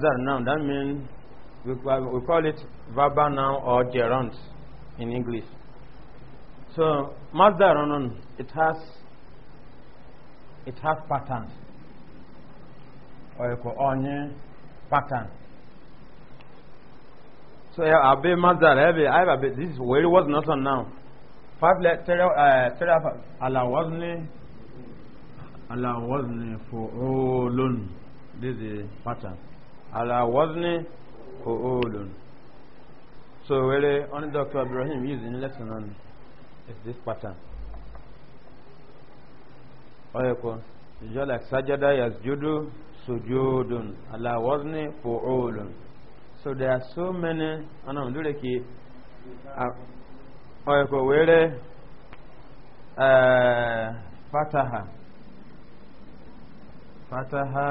that noun, that means we, call it verbal noun or gerund in English. So masdar it has it has pattern or you call onion pattern. So I'll be heavy I'll be this where it was not on now. Five letter uh, Allah wasn't Allah wasn't for all alone. This is pattern ala wazni fuulun so wele only dr ibrahim used in lesson on this pattern oyeko just like sajada yasjudu sujudun ala wazni fuulun so there are so many ana mdule ki oyeko wele uh, fataha fataha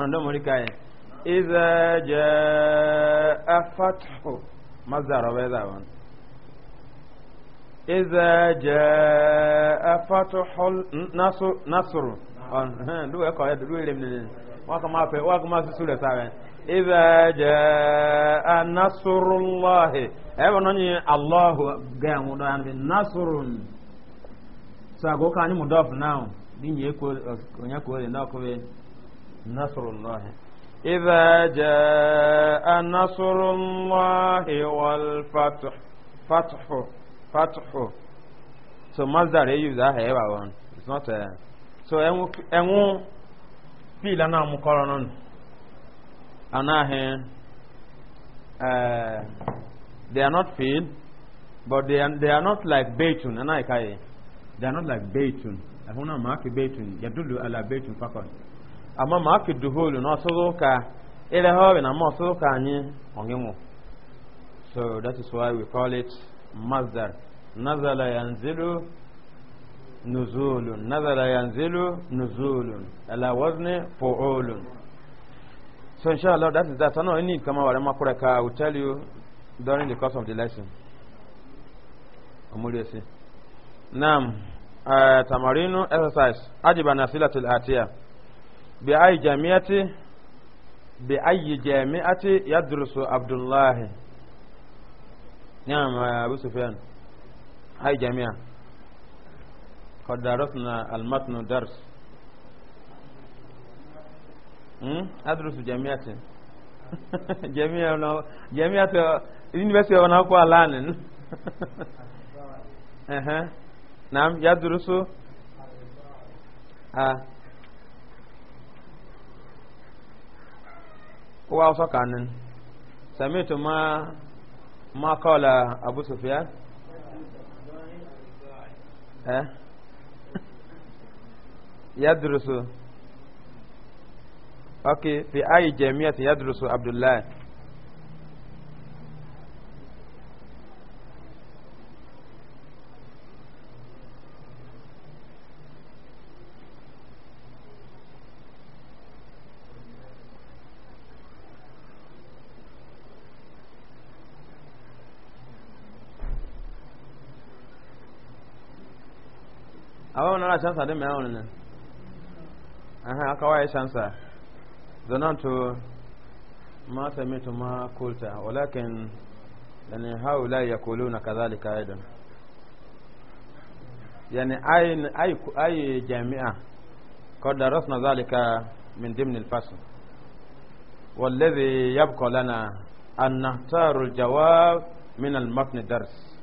ọ̀nà mọ̀ríkà yẹn ìzẹ̀ jẹ́ afátò mazàrọ̀ bẹ́ẹ̀ dàbọ̀n ìzẹ̀ jẹ́ afátò nasoro lúwẹ̀ kọ́ ẹ̀ lúwẹ̀ rẹ̀ mìíràn wọ́n kọ́ máa fẹ́ wọ́n kọ́ máa sísú rẹ̀ sáré ìzẹ̀ jẹ́ anasoro lọ́hì ẹ̀ wọ́n náà yẹn aláhù gẹ̀ onye نصر الله إذا جاء نصر الله والفتح فتح فتح so masdar ya use aha it's not a uh, so ẹnwụ fil a na-amụ kọrọ nọ uh, they are not feel but they are, not like beitun anaghị kaghị they are not like beitun ahụ na beitun yadulu ala beitun fakọl ama ma aki duholu na ọsụrụ ụka ịrehe ọrịa na ma ọsụrụ ụka anyị ọnwụnwụ so that is why we call it mazdar nazala yanzilu nuzulun nazala yanzilu nuzulun ala wazni fu'ulun so inshallah that is that no need kama wale makureka i will tell you during the course of the lesson omulesi Nam. uh, tamarinu exercise ajiba nasilatul atiya بأي ayi بأي bi ayi عبد الله abdullahi نعم أبو سفيان هاي جميع قد درسنا المتن درس أدرس جميع جميع جميع يونيفرسيتي وانا اكو الان اها نعم يدرس اه kowa wasu kanin samitu ma ma kawala abu sufiya eh yadrusu ok fi ayi jami'at yadrusu abdullahi ona la chance de meona ne aha akawa chance zanantu ما سمعت ما قلت ولكن يعني هؤلاء يقولون كذلك أيضا يعني أي أي أي جامعة قد درسنا ذلك من ضمن الفصل والذي يبقى لنا أن نختار الجواب من المتن الدرس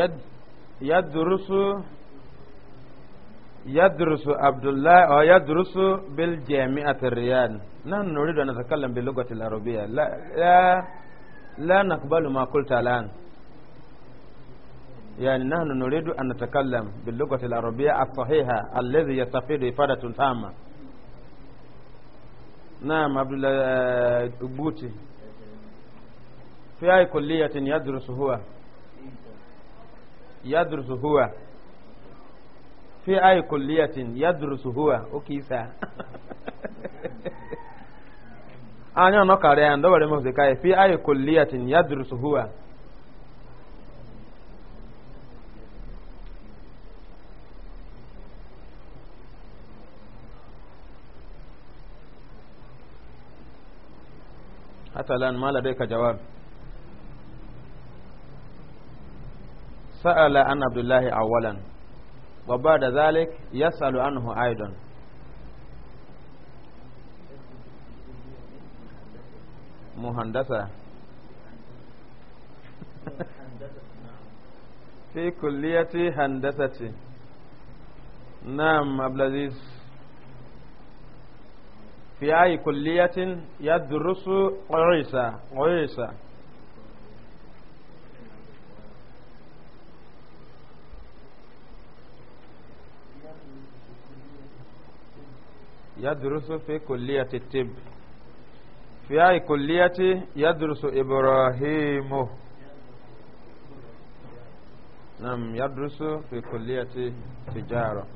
يد يدرس يدرس عبد الله أو يدرس بالجامعة الريان نحن نريد أن نتكلم باللغة العربية لا لا, لا نقبل ما قلت الآن يعني نحن نريد أن نتكلم باللغة العربية الصحيحة الذي يستفيد إفادة تامة نعم عبد الله آه، بوتي في أي كلية يدرس هو؟ yadrusu huwa fi ayi kulliyatin yadrusu huwa okisa anya no kare an do mo se kai fi ayi kulliyatin yadrusu huwa hata jawab sa'ala an abdullahi awalan wa ba'da zalik yas'alu anhu aidan muhandasa fi kulliyati handasati يدرس في كلية الطب في أي كلية يدرس إبراهيم نعم يدرس في كلية تجارة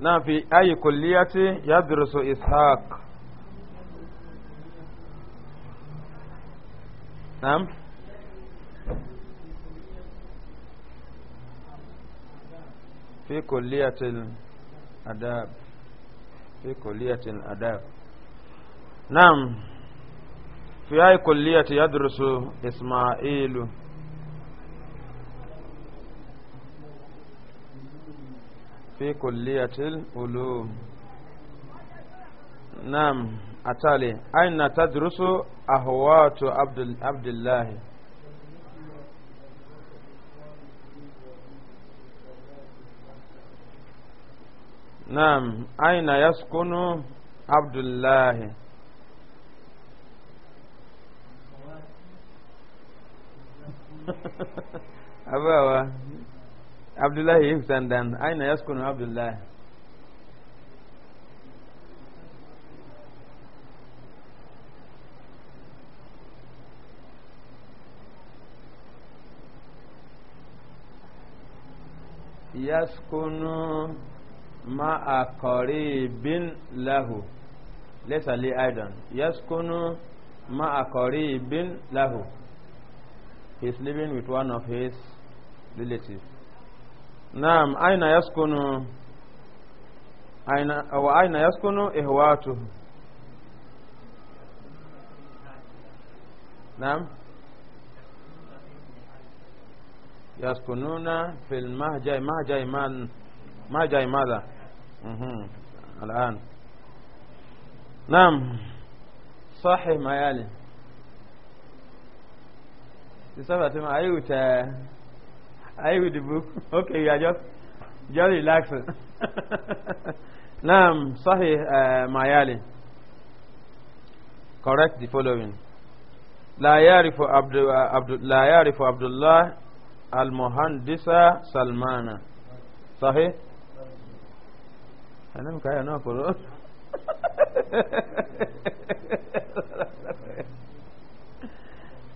نعم في أي كلية يدرس إسحاق نعم في كلية الأداب في كلية الأداب نعم في أي كلية يدرس إسماعيل في كلية العلوم نعم أتالي أين تدرس أهوات عبد الله nam abdulaghị ezta ndana anyịna ya skonu abdulahị ya skon مع قريب له ليس لي أيضا يسكن مع قريب له He's living with one of his relatives نعم أين يسكن أين أو أين يسكن إخواته نعم يسكنون في المهجع مهجع من مهجع ماذا الآن نعم صحيح ما يالي بصفة ما أيو تا أيو دبوك أوكي يا are just just نعم صحيح uh, ما يالي correct the following لا يعرف عبد uh, عبد لا يعرف عبد الله المهندس سلمان صحيح Aí não caia não, por outro.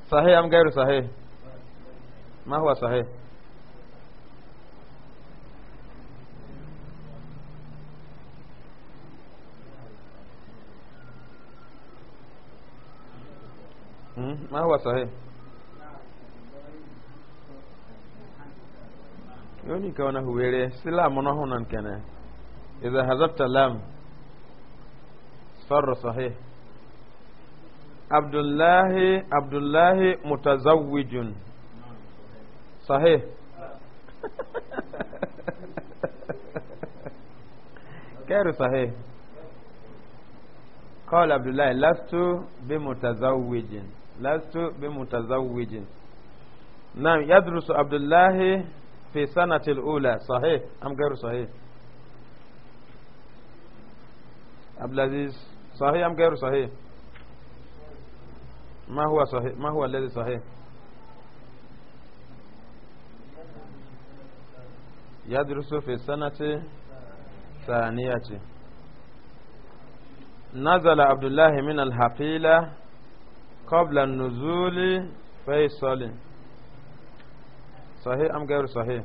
Sahê, amgueiro, sahê. Mahua, sahê. Mas o açaí? Eu nem quero na rua, ele. Sei lá, mas não é o que é, né? إذا هذبت لم فر صحيح عبد الله عبد الله متزوج صحيح غير صحيح قال عبد الله لست بمتزوج لست بمتزوج نعم يدرس عبد الله في سنة الأولى صحيح أم غير صحيح عبد العزيز صحيح أم غير صحيح ما هو صحيح ما هو الذي صحيح يدرس في السنة ثانية نزل عبد الله من الحقيلة قبل النزول فيصل صحيح أم غير صحيح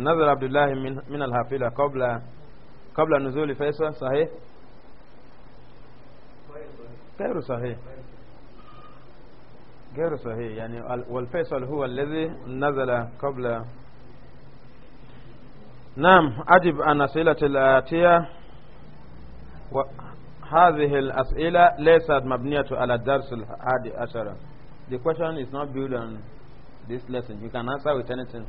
نزل عبد الله من من الحافلة قبل قبل نزول فيصل صحيح غير صحيح غير صحيح يعني والفيصل هو الذي نزل قبل نعم أجب عن أسئلة الآتية وهذه الأسئلة ليست مبنية على الدرس الحادي عشر The question is not built on this lesson. You can answer with anything.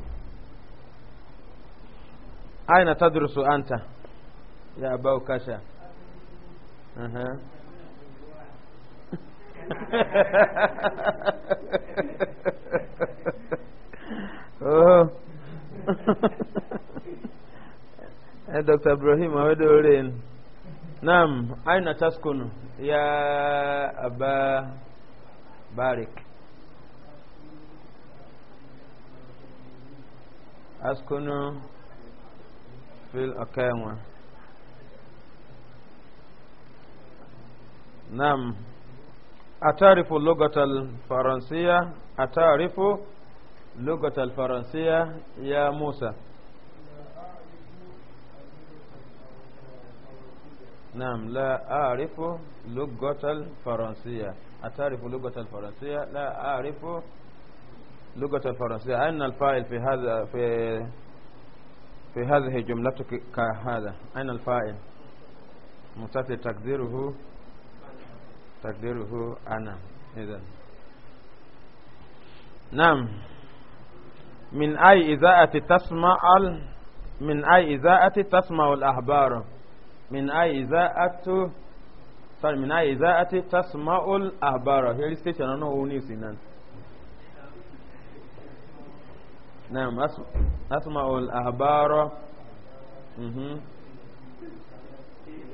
aina tadrusu anta ya abau kasha aha oh eh, Dr. Ibrahim Awedoren Naam aina taskunu ya aba barik askunu في الأقامة نعم أتعرف اللغة الفرنسية أتعرف لغة الفرنسية يا موسى نعم لا أعرف لغة الفرنسية أتعرف لغة الفرنسية لا أعرف لغة الفرنسية أين الفاعل في هذا في في هذه جملتك كهذا أين الفائل متأتي تقديره تقديره أنا إذا نعم من أي إذاءة تسمع ال... من أي إذاءة تسمع الأخبار من أي إذاءة من أي إذاءة تسمع الأخبار هي ستيشن أنا أونيسي نيسي نعم. نعم أسمع, الأخبار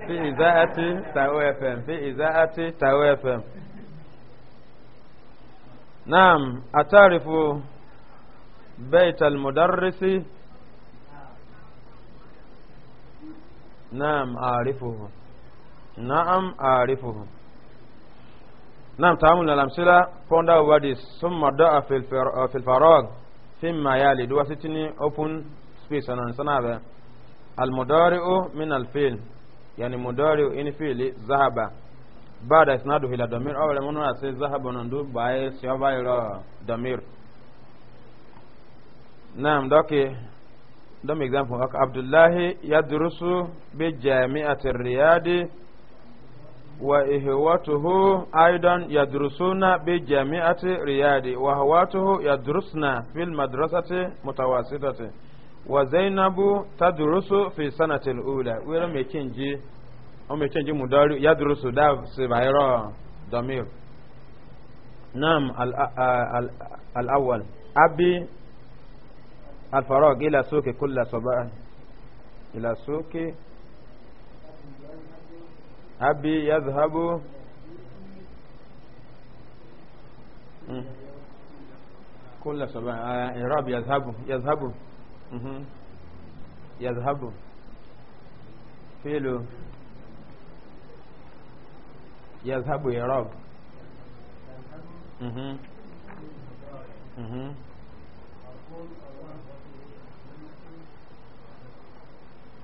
في إذاعة تاو اف ام في إذاعة تاو اف ام نعم أتعرف بيت المدرس نعم أعرفه نعم أعرفه نعم تعمل الأمثلة فوندا وديس ثم دعا في الفراغ fimma yalidu wasitini open space anan sanabe almudari'u min alfil yani mudari'u in fili zahaba ba'da isnaduhu ila damir aw lam nuna sai zahaba nan du baye shaba ila damir nam doke dom example haka abdullahi yadrusu bi jami'atir riyadi وإهوته أيضا يدرسون بجامعة رياض وهواته يدرسن في المدرسة متوسطة وزينب تدرس في سنة الأولى ولم يكنجي أم يكنجي مدار يدرس داف سبعيرا ضمير نعم الأول أبي الفراغ إلى سوق كل صباح إلى سوق أبي يذهب كل صباح إعراب آه، يذهب يذهب يذهب فيلو يذهب إعراب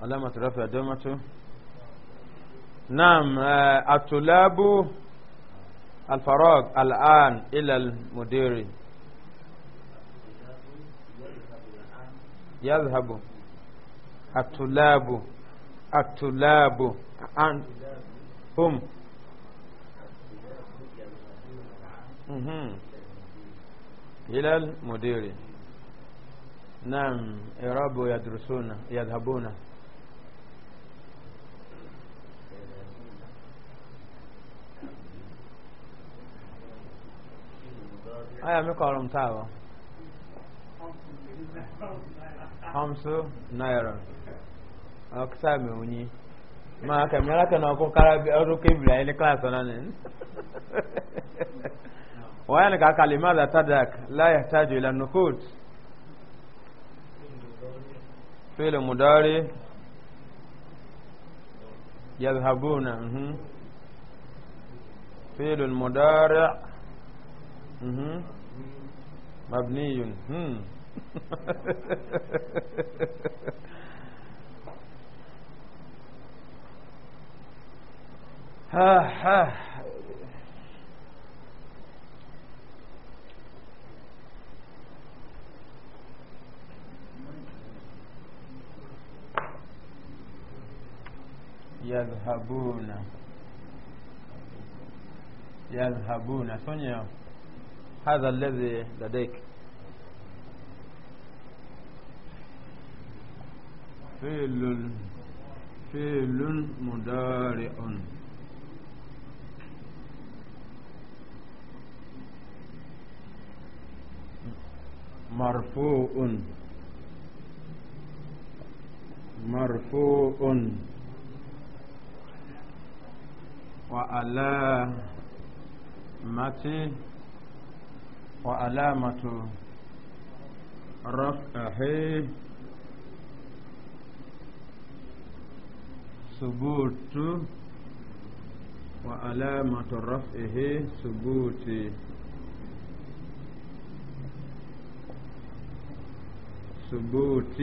علامة رفع دمته نعم آه، الطلاب الفراغ الآن إلى المدير يذهب الطلاب الطلاب عن هم إلى المدير نعم إرابوا يدرسون يذهبون aya mi kọrọ m taa ọ hamsu naira ọkisa mi onyi ma ka mi alaka na ọkụ kara ọrụ e kebiri anyị e klaasị na ni waya ni ka kalima da tadak la ya tajo ila nukut fili mudari yadhabuna mhm. fili mudari مبني ها ها يذهبون يذهبون ثنيا هذا الذي لديك فعل فعل مضارع مرفوع مرفوع متي وعلامة رفعه ثبوت وعلامة رفعه ثبوت ثبوت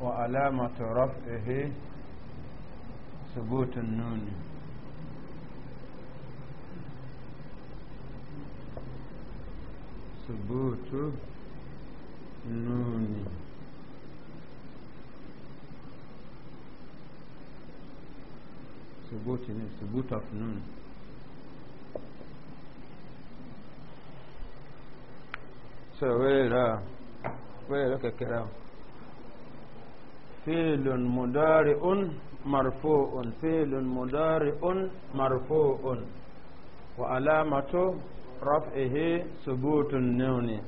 وعلامة رفعه ثبوت النون thubutu nuni thubutu ni thubutu of nuni so weera weera kekerawo فعل مضارع مرفوع فعل مضارع مرفوع وعلامة رفعه ثبوت النون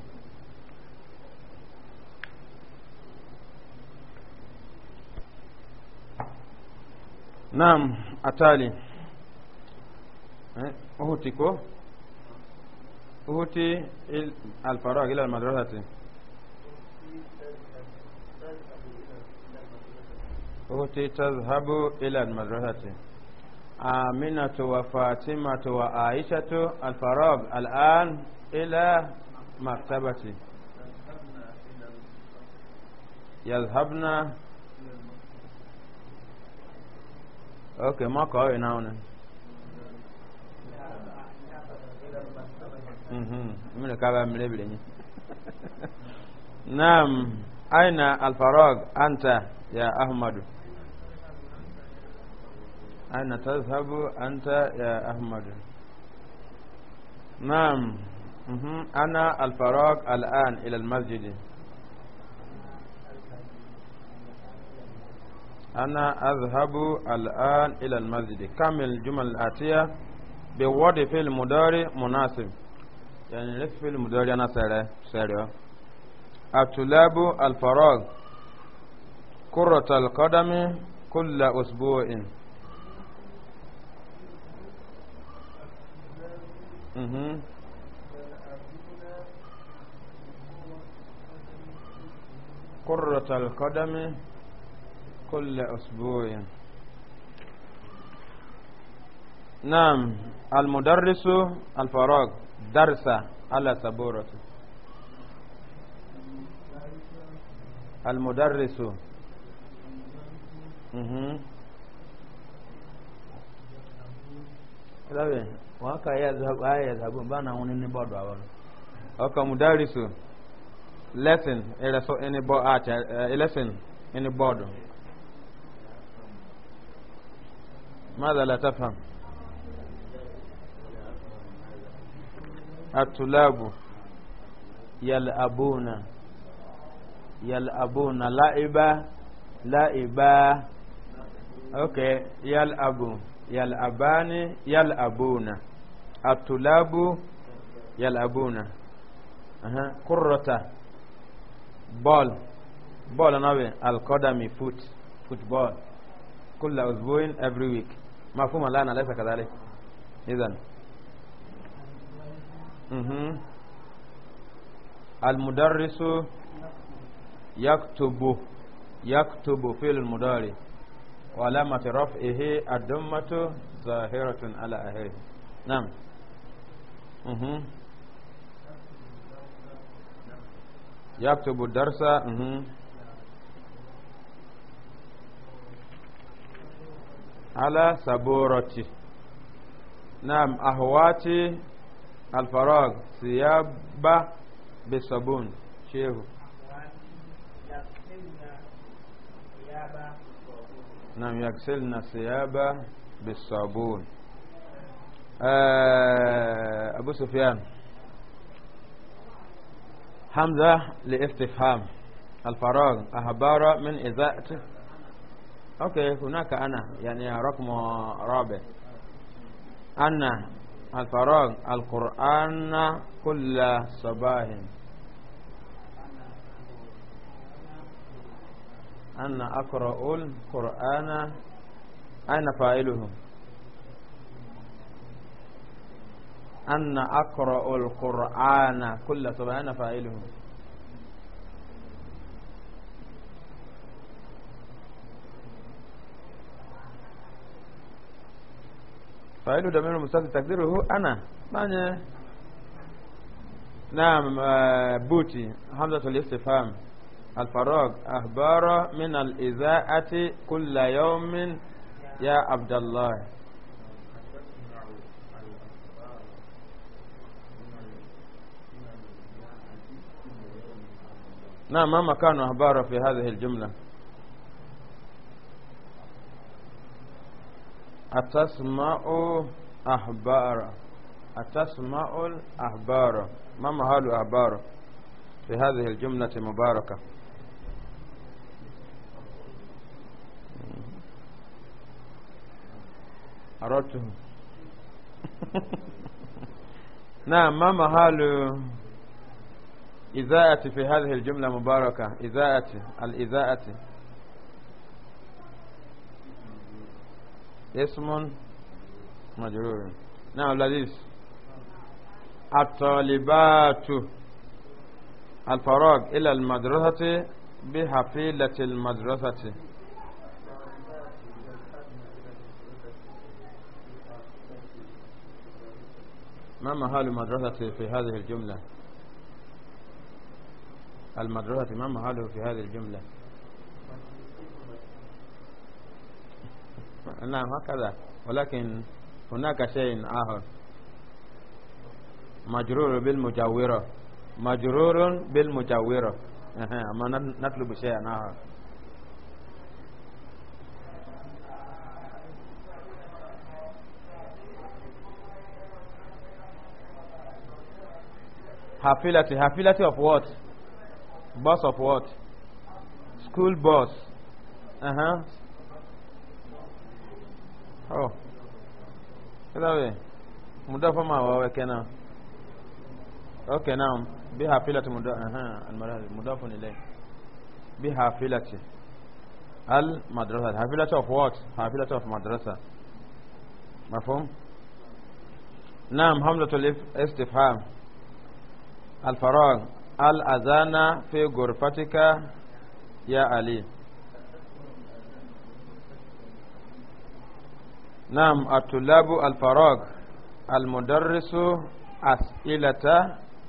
نعم أتالي أهوتيكو أهوتي الفراغ إلى المدرسة أهوتي تذهب إلى المدرسة آمنة وفاطمة وعائشة الفراغ الآن إلى مكتبتي يذهبن أوكي ما قوي هنا من كذا ملبلني نعم أين الفراغ أنت يا أحمد أين تذهب أنت يا أحمد نعم أنا الفراغ الآن إلى المسجد أنا أذهب الآن إلى المسجد كمل الجمل الآتية بوضع في المدار مناسب يعني ليس في المدار أنا سيري الطلاب الفراغ كرة القدم كل أسبوع Mm-hmm. قرة كرة القدم كل أسبوع نعم المدرس الفراغ درس على سبورة المدرس مهم. Mm-hmm. waka yazhab aya yazhabun bana woni ni bodo awon aka mudarisu lesson ele so any bo at eh, lesson any bodo ماذا لا تفهم الطلاب يلعبون يلعبون لعبا لعبا اوكي يلعبون يلعبان يلعبون الطلاب يلعبون أه. كرة بول بول نوي القدم فوت فوت بول كل أسبوعين every week مفهوم الآن ليس كذلك إذن أه. المدرس يكتب يكتب فعل المضارع وعلامة رفعه الدمة ظاهرة على أهله نعم مه. يكتب الدرس مه. على سبورتي نعم أهواتي الفراغ ثياب بالصابون شيخ ثياب نعم يغسلن ثيابه بالصابون آه أبو سفيان حمزة لاستفهام الفراغ أخبار من إذاعته أوكي هناك أنا يعني رقم رابع أن الفراغ القرآن كل صباح أن أقرأ القرآن أين فاعله أن أقرأ القرآن كل طب أين فاعله فاعله ضمير مستتر تقديره أنا معنى نعم آه، بوتي حمزة الاستفهام الفراغ أخبار من الإذاعة كل يوم يا عبد الله نعم ما مكان أخبار في هذه الجملة أتسمع أخبار أتسمع الأخبار ما محل أخبار في هذه الجملة المباركة عرفتم نعم ما محل إذاءة في هذه الجملة مباركة إذاءة الإذاءة اسم مجرور نعم لذيذ الطالبات الفراغ إلى المدرسة بحفيلة المدرسة ما محل المدرسة في هذه الجملة المدرسة ما محله في هذه الجملة نعم هكذا ولكن هناك شيء آخر مجرور بالمجاورة مجرور بالمجاورة نطلب شيئا آخر Hafilati. Hafilati of what? Boss of what? School boss. Uh huh. Oh. Hello. Mudafa ma wa kana. Okay now. Be hafilati mudafa. Uh huh. Al-marad mudafun ilayh. Bi hafilati. Al-madrasa. Hafilati of what? Hafilati of madrasa. مفهوم؟ نعم حملة الاستفهام الفراغ الأذان في غرفتك يا علي نعم الطلاب الفراغ المدرس أسئلة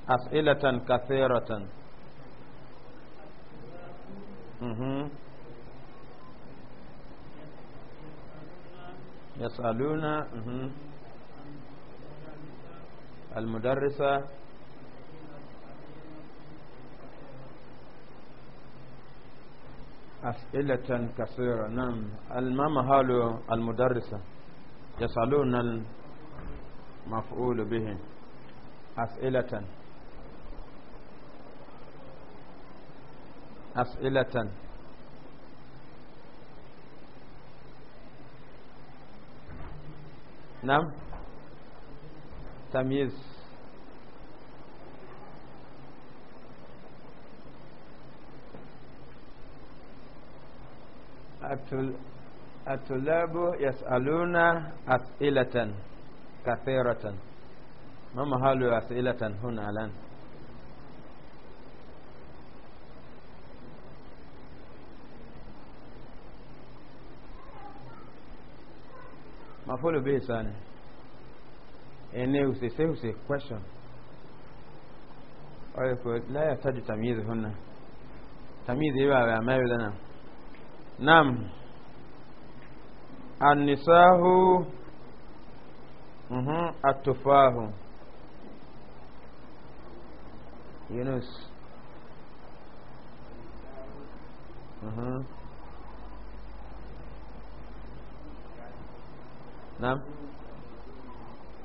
أسئلة كثيرة يسألون المدرسة أسئلة كثيرة نعم المام هالو المدرسة يسألون المفعول به أسئلة أسئلة نعم تمييز الطلاب يسألون أسئلة كثيرة ما محل أسئلة هنا الآن مفعول به ثاني إني أسئلة أسئلة question لا يحتاج تمييز هنا تمييز يبقى إيه ما يبدأ nam anisahu mhm atufahu yunus mhm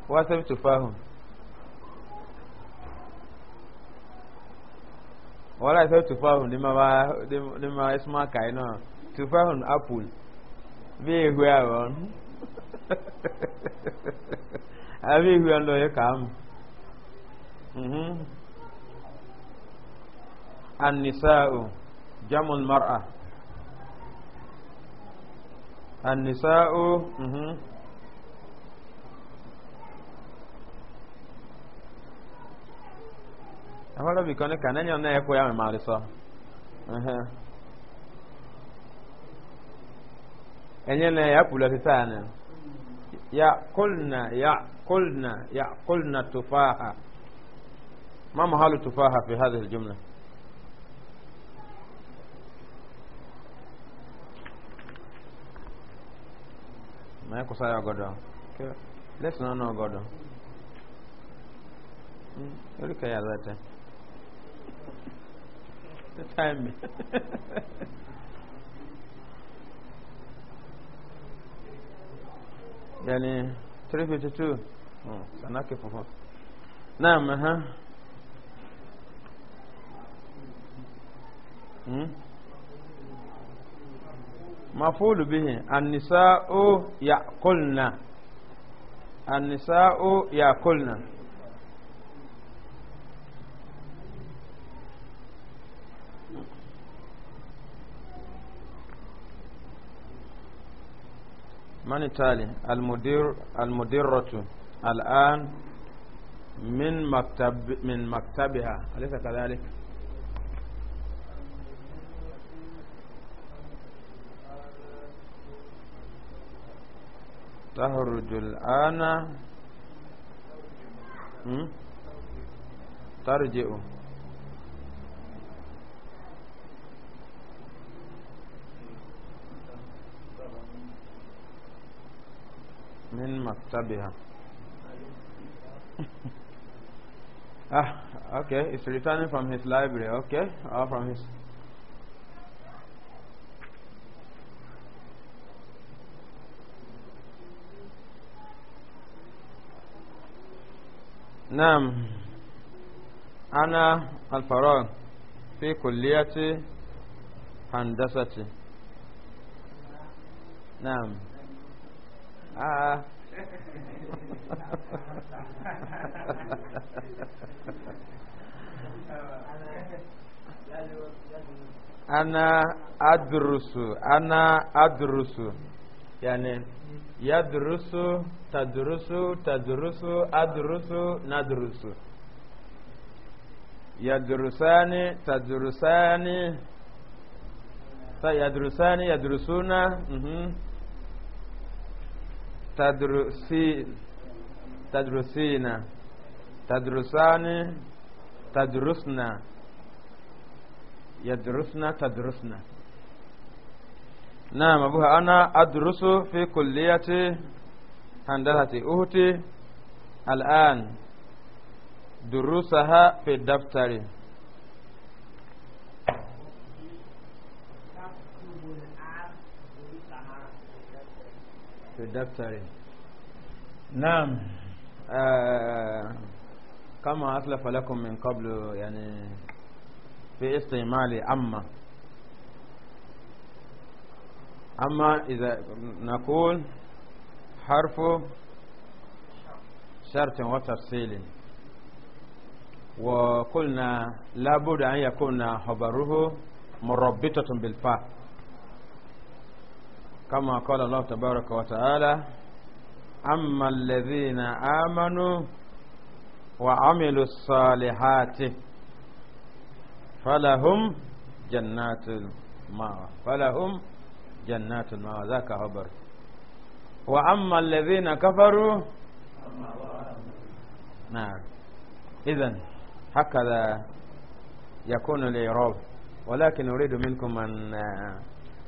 wasabi tufahu wala tufahu ba tufahun apple bee ihu ahụ abịa ihu ndụ ya ka m annisa'u jamul mar'a annisa'u mhm. ahora bikone kananya na ekwe ya mmalisa enyene yakula sisana yakulna yakulna yakulna tufaha ما محل تفاحة في هذه الجملة ما يكو سايا غدا ليس نانا غدا يقولك يا ذاتا تتعمي yani 352 sanake fofo naam ha hmm mafulu bihi annisa'u ya'kulna annisa'u ya'kulna من التالي المدير المديرة الآن من مكتب من مكتبها أليس كذلك؟ تخرج الآن ترجع من مكتبها ah, okay, it's returning from his library, okay, or from his نعم أنا الفراغ في kulliati handasati. نعم a ah. ana adrusu ana adrusu yani yadrusu tadrusu tadrusu adrusu nadrusu yadrusani tadrusani yadrusani yadrusuna uh mhm. huh. تدرسين تدرسين تدرسان تدرسنا يدرسنا تدرسنا نعم أبوها أنا أدرس في كلية هندسة أهتي الآن دروسها في الدفتر في الدفتر نعم آه كما أسلف لكم من قبل يعني في استعمال أما أما إذا نقول حرف شرط وتفصيل وقلنا لابد أن يكون خبره مربطة بالفاء كما قال الله تبارك وتعالى أما الذين آمنوا وعملوا الصالحات فلهم جنات المأوى فلهم جنات المأوى ذاك خبر وأما الذين كفروا نعم إذا هكذا يكون الإعراب ولكن أريد منكم أن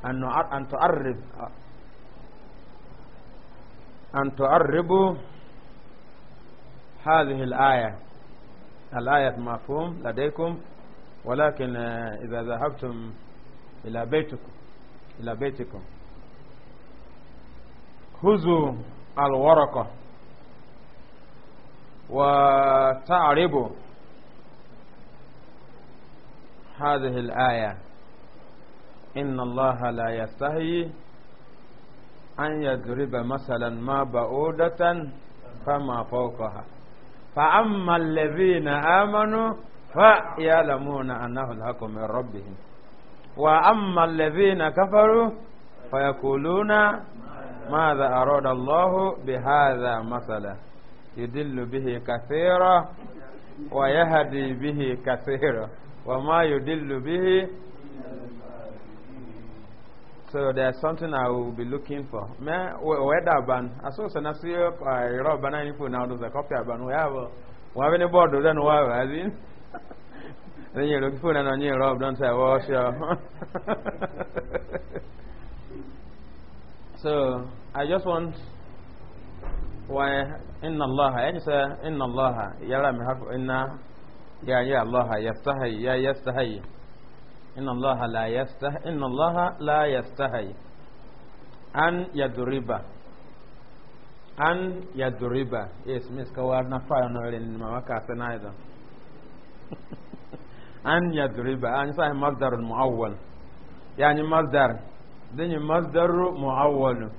أن أن تعرب أن تعربوا هذه الآية الآية مفهوم لديكم ولكن آه، إذا ذهبتم إلى بيتكم إلى بيتكم خذوا الورقة وتعربوا هذه الآية إن الله لا يستحي أن يضرب مثلا ما بعودة فما فوقها فأما الذين آمنوا فيعلمون أنه الحق من ربهم وأما الذين كفروا فيقولون ماذا أراد الله بهذا مثلا يدل به كثيرا ويهدي به كثيرا وما يدل به So there's something I will be looking for. Me whether ban I saw an I rob banana any now does a copy ban we have we have any board then we have as in then you look for and new your rob don't say wash oh, your So I just want why إن الله يعني إن الله يرى من حق إن يا يا الله يستحي يا يستحي إن الله لا يستح إن الله لا يستحي أن يضرب أن يضرب yes miss كوارنا فاينا لين ما وكاسنا أيضا أن يضرب أن صحيح مصدر المعول يعني مصدر دين مصدر معول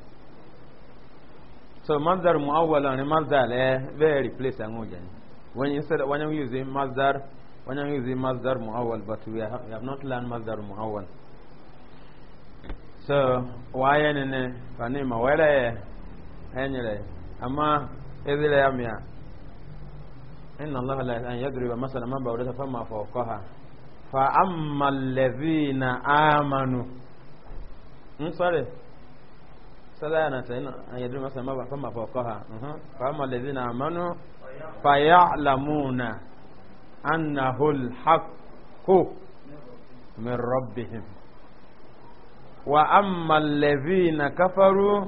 so مصدر معول يعني مصدر eh very place أموجن when you said when you use مصدر when I'm using Masdar Muawwal, but we have, we have not learned Masdar Muawwal. So, why any Panima, where anyway, Ama Ezile Amia. إن الله لا أن يضرب مثلا ما بورث فما فوقها فأما الذين آمنوا sorry sadana ta ina an yadda masa ma ba fama fawqaha hmm, fama alladhina amanu fa ya'lamuna أنه الحق من ربهم وأما الذين كفروا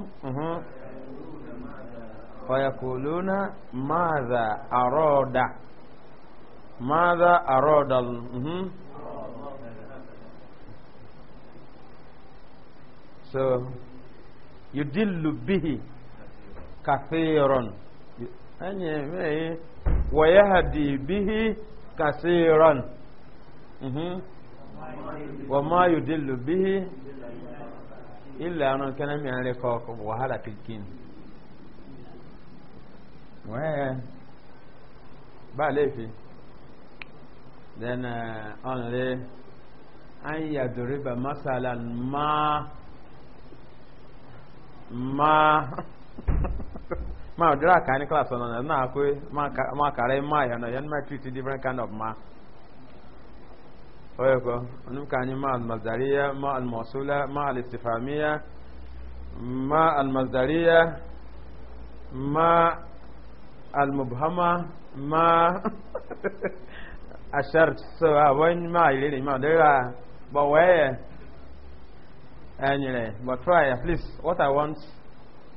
فيقولون ماذا أراد ماذا أراد so يدل به كثيرا يعني، إيه؟ ويهدي به كثيرا وما يدل به إلا أن كان من لقاك وهلا تلكين وين بالي في لأن أنلي أن يضرب مثلا ما ما ma dira ka any class on na akwe ma kare ma ya na yan ma treat different kind of ma oyo ko onum ka any ma al ma al ma al ma al ma al mubhama ma ashart so awon ma ile eh, ma dira ba waye anyle but try at least what i want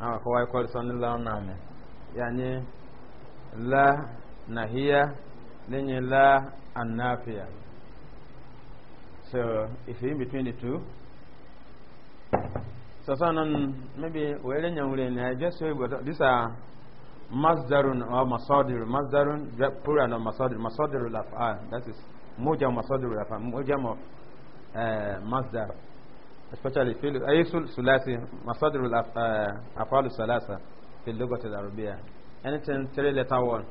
ama kwa waikol soni la oname yani la nahiya lenye la anafia so if in between the two so so non maybe wele nyawule ne just say but these are masdarun or masadir masdarun pura of masadir masadir al af'al that is mujam masadir al af'al mujam uh, masdar especially في الأيس الثلاثي مصادر الأفعال الثلاثة في اللغة العربية anything three letter word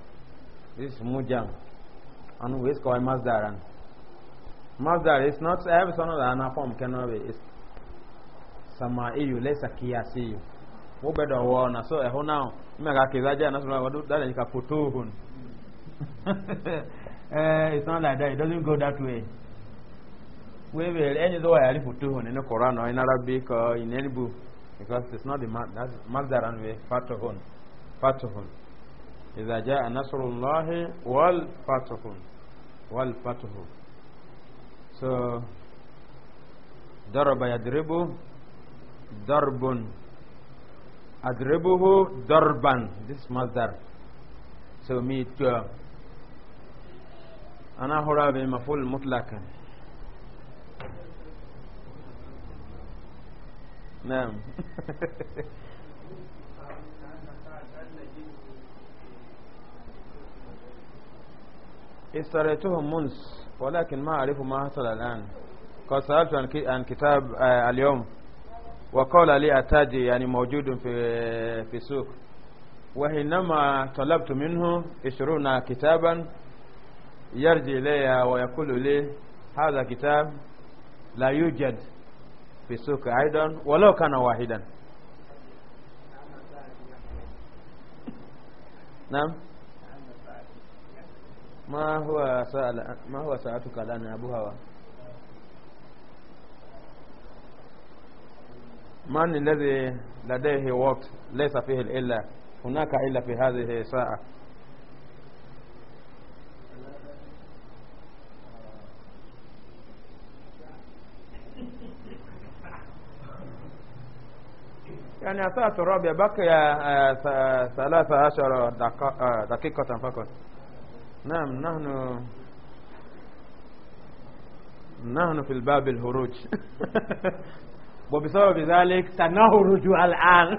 this is mujam and we call masdaran masdar is not every son of the anapom cannot be it's samaiyu lesa kiasiyu mubedo wona so eho eh, now imeka kizaja na so wadu dale nikafutuhun eh it's not like that it doesn't go that way wewere any though I refer to in the Quran or in Arabic or in any book because it's not the mad that's Mazdar and we Fatuhun Fatuhun إذا جاء نصر الله والفتح والفتح so ضرب يضرب ضرب أضربه ضربا this مصدر so me too. أنا هرابي مفعول مطلقا نعم اشتريتهم منس ولكن ما أعرف ما حصل الآن قد سألت عن كتاب آه، اليوم وقال لي أتاجي يعني موجود في في السوق وحينما طلبت منه اشترون كتابا يرجي لي ويقول لي هذا كتاب لا يوجد في السوق أيضا ولو كان واحدا نعم ما هو سؤال ما هو ساعتك الآن يا أبو هوا من الذي لديه وقت ليس فيه الا هناك إلا في هذه الساعة يعني الساعة الرابعة بقي ثلاثة عشر آه، دقيقة فقط نعم نحن نحن في الباب الهروج وبسبب ذلك سنهرج الآن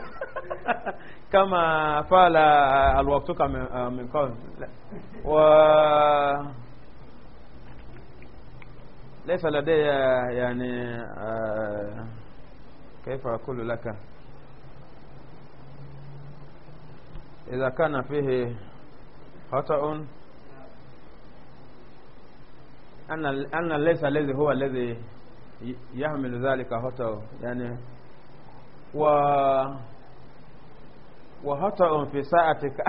كما فعل آه، الوقت آه، من قبل و ليس لدي يعني كيف أقول لك إذا كان فيه خطأ أن أن ليس الذي هو الذي يحمل ذلك خطأ يعني و وخطأ في ساعتك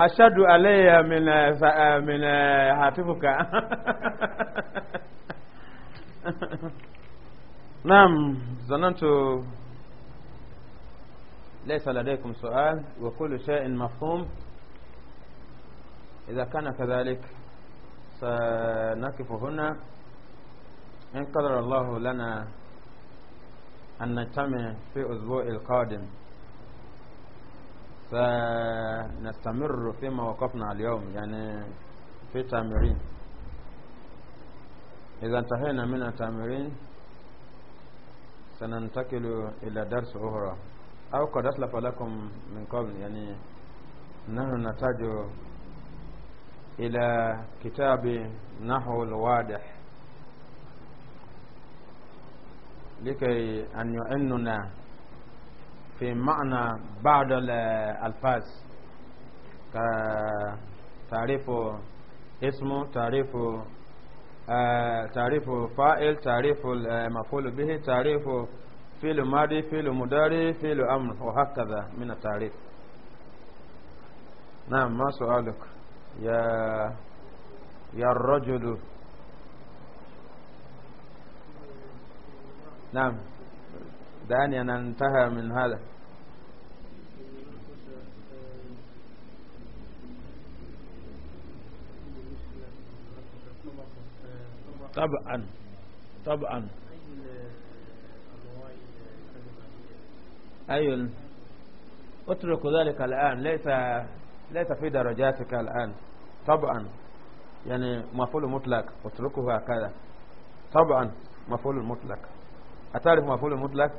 أشد علي من من هاتفك نعم ظننت ليس لديكم سؤال وكل شيء مفهوم إذا كان كذلك سنقف هنا إن قدر الله لنا أن نجتمع في الأسبوع القادم سنستمر فيما وقفنا اليوم يعني في تامرين إذا انتهينا من التامرين سننتقل إلى درس أخرى أو قد أسلف لكم من قبل يعني نحن نحتاج إلى كتاب نحو الواضح لكي أن يعننا في معنى بعض الألفاظ كتعريف اسم تعريف آه، تعريف فاعل تعريف المفعول به تعريف فعل ماضي فعل مضارع فعل امر وهكذا من التعريف نعم ما سؤالك يا يا الرجل نعم دعني أن أنتهى من هذا طبعا طبعا أي أيوة. اترك ذلك الآن ليس ليس في درجاتك الآن طبعا يعني مفعول مطلق اتركه هكذا طبعا مفعول مطلق أتعرف مفعول مطلق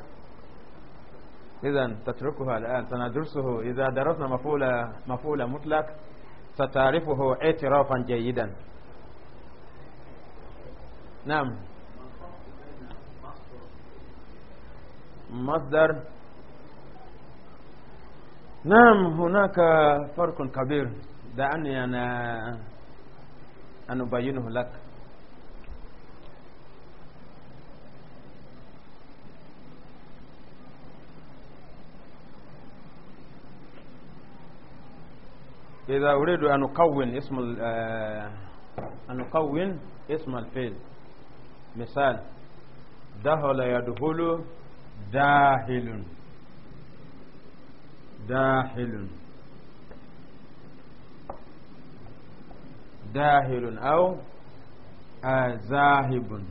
إذا تتركها الآن سندرسه إذا درسنا مفعول مفعول مطلق ستعرفه اعترافا جيدا نعم مصدر نعم هناك فرق كبير دعني أنا أن أبينه لك إذا أريد أن أكون اسم آه، أن أكون اسم الفيل مثال دخل يدخل داهل داحل داحل أو زاهب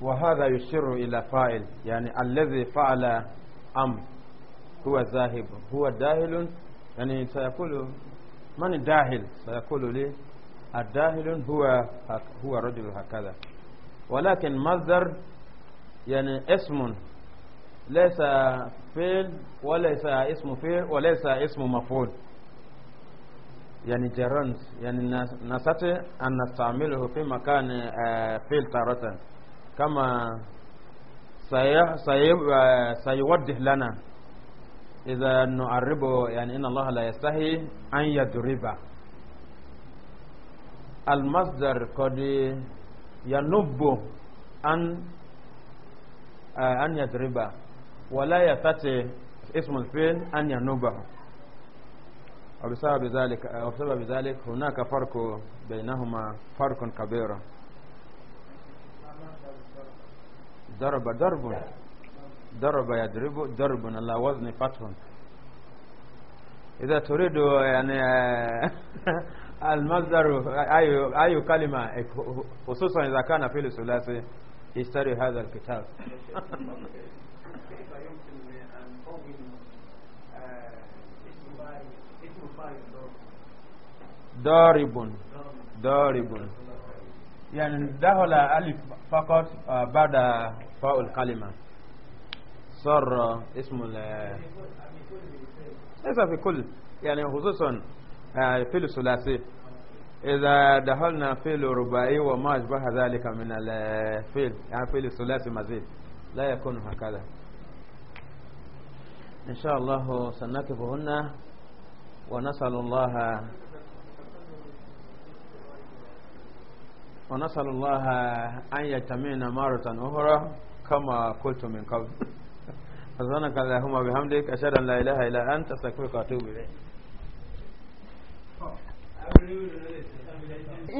وهذا يشير إلى فاعل يعني الذي فعل أم هو زاهب هو داهل يعني سيقول من داهل سيقول لي الداهل هو هو رجل هكذا ولكن مصدر يعني اسم ليس فعل وليس اسم فعل وليس اسم مفعول يعني جرند يعني نستطيع أن نستعمله في مكان آه، فعل تارة كما آه، سيوضح لنا إذا نعرب يعني إن الله لا يستحي أن يضرب المصدر قد ينب أن آه، أن يضرب ولا يفتي اسم الفيل أن ينوبه وبسبب ذلك وبسبب ذلك هناك فرق بينهما فرق كبير ضرب ضرب ضرب يضرب ضرب على وزن فتح إذا تريد يعني المصدر أي أي كلمة خصوصا إذا كان في الثلاثي اشتري هذا الكتاب كيف يمكن أن نقوم آه، اسم فاعل ضارب ضارب يعني دخل ألف فقط آه، بعد فاء الكلمة صار اسم ليس في كل يعني خصوصا آه، في الثلاثي إذا دخلنا في رباعي وما أشبه ذلك من الفيل يعني في الثلاثي مزيد لا يكون هكذا إن شاء الله سنكفهن ونسأل الله ونسأل الله أن يجتمعنا مرة أخرى كما قلت من قبل سبحانك اللهم بحمدك أشهد أن لا إله إلا أنت أستغفرك وأتوب إليك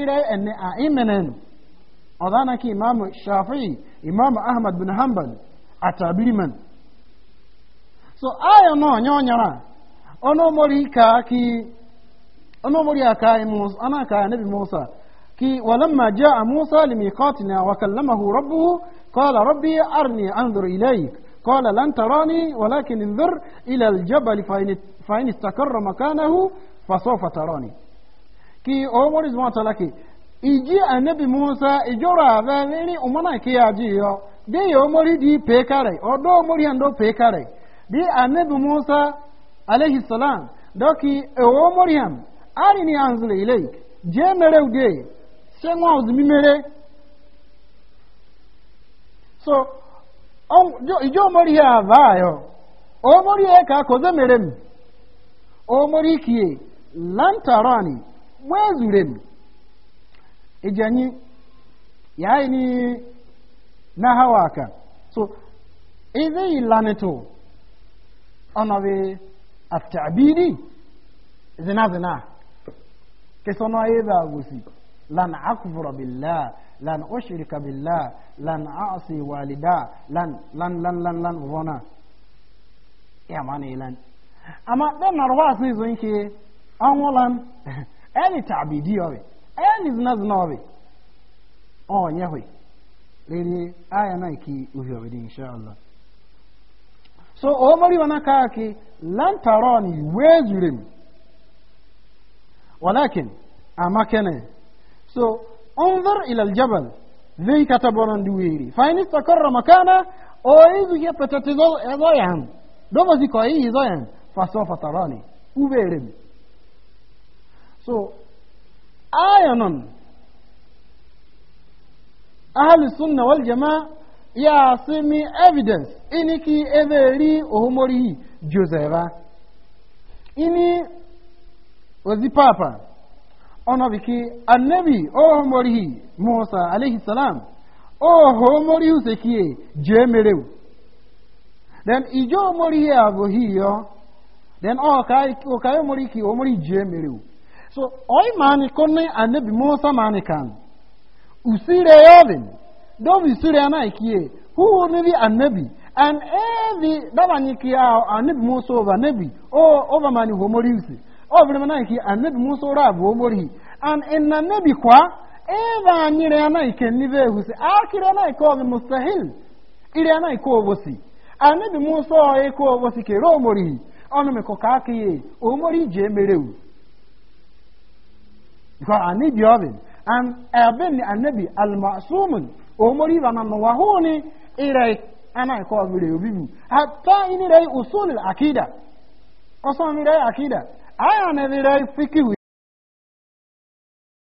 إلى أن أئمنا imenen أن ki imam shafi'i imam ahmad bin hanbal atabiriman so aya oh, no nyonyara ono mori ka ki ono oh, mori aka e, musa ana ka e, nabi musa ki walamma jaa musa limiqatina wa kallamahu rabbuhu qala rabbi arni anzur ilayk قال لن تراني ولكن انظر إلى الجبل فإن, فإن استقر مكانه فسوف تراني كي أمور زمان تلكي إجي النبي موسى إجورا ذلك أمانا كي أجي دي أمور دي بيكاري أو دو أمور يندو بيكاري di anabi musa alayhi salam doki ewo maryam arini anzila ilaik je mere ude se nwa ozumi mere so ijo mori ya vayo o mori ya ka koze mere m o mori kiye lantarani mwezure m ijanyi yayi ni na hawaka so izi ilanito ọ̀nà bí àtàbírí zina zina sọ́nà ayé a gòsì lan akufura billa lan ushirika billa lan aasi walida lan lan lan lan lan vona ya mana ilan amma dan narwa sun zo yake an walan any tabidi yobe any zina zina o oh nyehwe lele aya na ki uhiyobe insha Allah so omari wana kaki lan tarani wezurim walakin amakene so انظر الى الجبل ذي كتبون دويري فإن استقر مكانه او ايزو يبتتزو ازايان دوما زي كوي ازايان فسوف تراني وبيرم so آيانون أهل السنة والجماعة ya asị simi evidence ini ki ebe ri ohumori josepha ini ozi papa ona biki annabi ohumori musa alayhi salam ohumori usekie je mere. then ije omori abụghị bo hiyo then o kai o kai omori ki je merew so oi mani konne annabi musa mani kan usire yovin don bi suriya na ikiye huhu ne an evi daba ni ki a annabi musa over nabi o oh, over mani homori usi o oh, bi na ki annabi musa ra bu homori an inna nabi kwa eva ni re na ike ni ve husi akire na iko bi mustahil ire na iko obosi musa o ke ro onu me ko ka je merewu because and ebin omori ba mamma wa irai ana ko abire ubibu hatta ini rai usul akida qasan rai akida aya ne rai fikihu